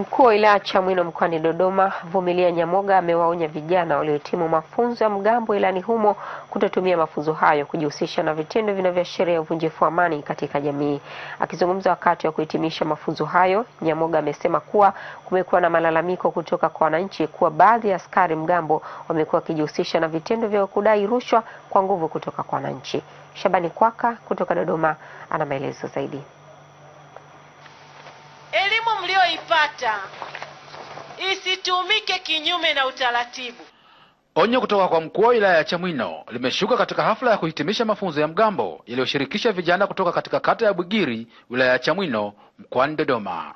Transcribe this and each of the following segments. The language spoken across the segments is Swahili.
Mkuu wa wilaya Chamwino mkoani Dodoma Vumilia Nyamoga amewaonya vijana waliohitimu mafunzo ya mgambo wilayani humo kutotumia mafunzo hayo kujihusisha na vitendo vinavyoashiria uvunjifu wa amani katika jamii. Akizungumza wakati wa kuhitimisha mafunzo hayo, Nyamoga amesema kuwa kumekuwa na malalamiko kutoka kwa wananchi kuwa baadhi ya askari mgambo wamekuwa wakijihusisha na vitendo vya kudai rushwa kwa nguvu kutoka kwa wananchi. Shabani Kwaka kutoka Dodoma ana maelezo zaidi uliyoipata isitumike kinyume na utaratibu. Onyo kutoka kwa mkuu wa wilaya ya Chamwino limeshuka katika hafla ya kuhitimisha mafunzo ya mgambo yaliyoshirikisha vijana kutoka katika kata ya Bwigiri, wilaya ya Chamwino, mkoani Dodoma.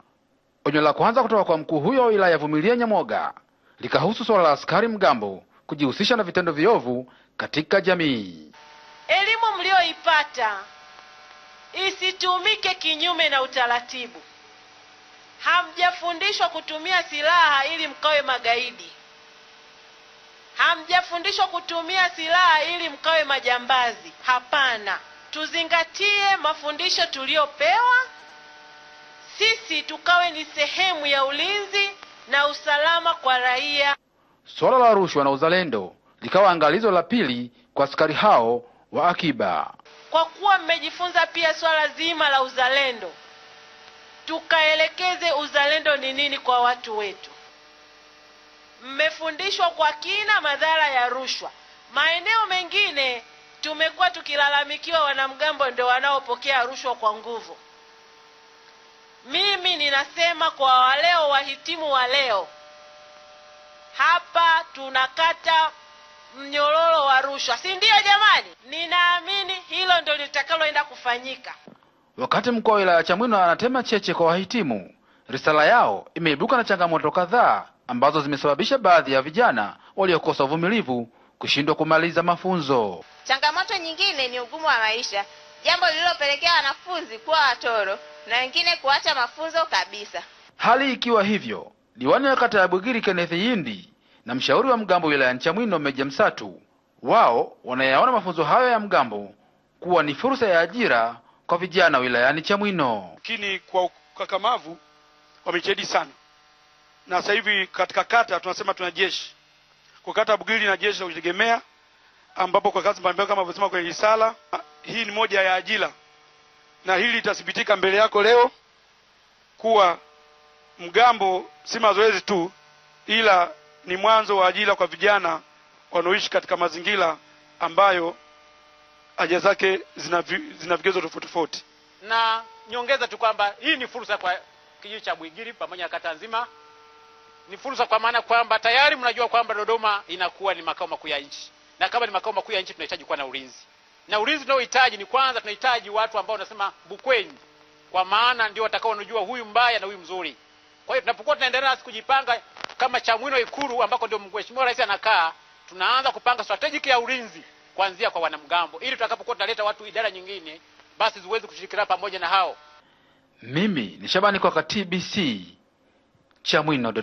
Onyo la kwanza kutoka kwa mkuu huyo wa wilaya Vumilia Nyamoga likahusu suala la askari mgambo kujihusisha na vitendo viovu katika jamii. Elimu mliyoipata isitumike kinyume na utaratibu hamjafundishwa kutumia silaha ili mkawe magaidi, hamjafundishwa kutumia silaha ili mkawe majambazi. Hapana, tuzingatie mafundisho tuliyopewa sisi, tukawe ni sehemu ya ulinzi na usalama kwa raia. Suala la rushwa na uzalendo likawa angalizo la pili kwa askari hao wa akiba, kwa kuwa mmejifunza pia swala zima la uzalendo tukaelekeze uzalendo ni nini kwa watu wetu. Mmefundishwa kwa kina madhara ya rushwa. Maeneo mengine tumekuwa tukilalamikiwa, wanamgambo ndio wanaopokea rushwa kwa nguvu. Mimi ninasema kwa waleo, wahitimu wa leo hapa tunakata mnyororo wa rushwa, si ndio jamani? Ninaamini hilo ndio litakaloenda kufanyika. Wakati mkuu wa wilaya Chamwino anatema cheche kwa wahitimu, risala yao imeibuka na changamoto kadhaa ambazo zimesababisha baadhi ya vijana waliokosa uvumilivu kushindwa kumaliza mafunzo. Changamoto nyingine ni ugumu wa maisha, jambo lililopelekea wanafunzi kuwa watoro na wengine kuacha mafunzo kabisa. Hali ikiwa hivyo, diwani wa kata ya Bwigiri Kenneth Yindi na mshauri wa mgambo wilaya Chamwino Meja Msatu, wao wanayaona mafunzo hayo ya mgambo kuwa ni fursa ya ajira kwa vijana wilayani Chamwino. Lakini kwa ukakamavu wamejitahidi sana, na sasa hivi katika kata tunasema tuna jeshi kwa kata Bugili na jeshi la kujitegemea, ambapo kwa kazi mbalimbali kama alivyosema kwenye risala hii ni moja ya ajira, na hili litathibitika mbele yako leo kuwa mgambo si mazoezi tu, ila ni mwanzo wa ajira kwa vijana wanaoishi katika mazingira ambayo aja zake zina, zina vigezo tofauti tofauti, na nyongeza tu kwamba hii ni fursa kwa kijiji cha bwigiri pamoja na kata nzima. Ni fursa kwa maana kwamba tayari mnajua kwamba Dodoma inakuwa ni makao makuu ya nchi, na kama ni makao makuu ya nchi tunahitaji kuwa na ulinzi, na ulinzi tunaohitaji ni kwanza, tunahitaji watu ambao wanasema bukweni, kwa maana ndio watakaonajua huyu mbaya na huyu mzuri. Kwa hiyo tunapokuwa tunaendelea kujipanga kama Chamwino Ikulu ambako ndio Mheshimiwa Rais anakaa, tunaanza kupanga strategic ya ulinzi kuanzia kwa wanamgambo, ili tutakapokuwa tunaleta watu idara nyingine, basi ziweze kushirikiana pamoja na hao. Mimi ni Shabani kwa TBC Chamwino.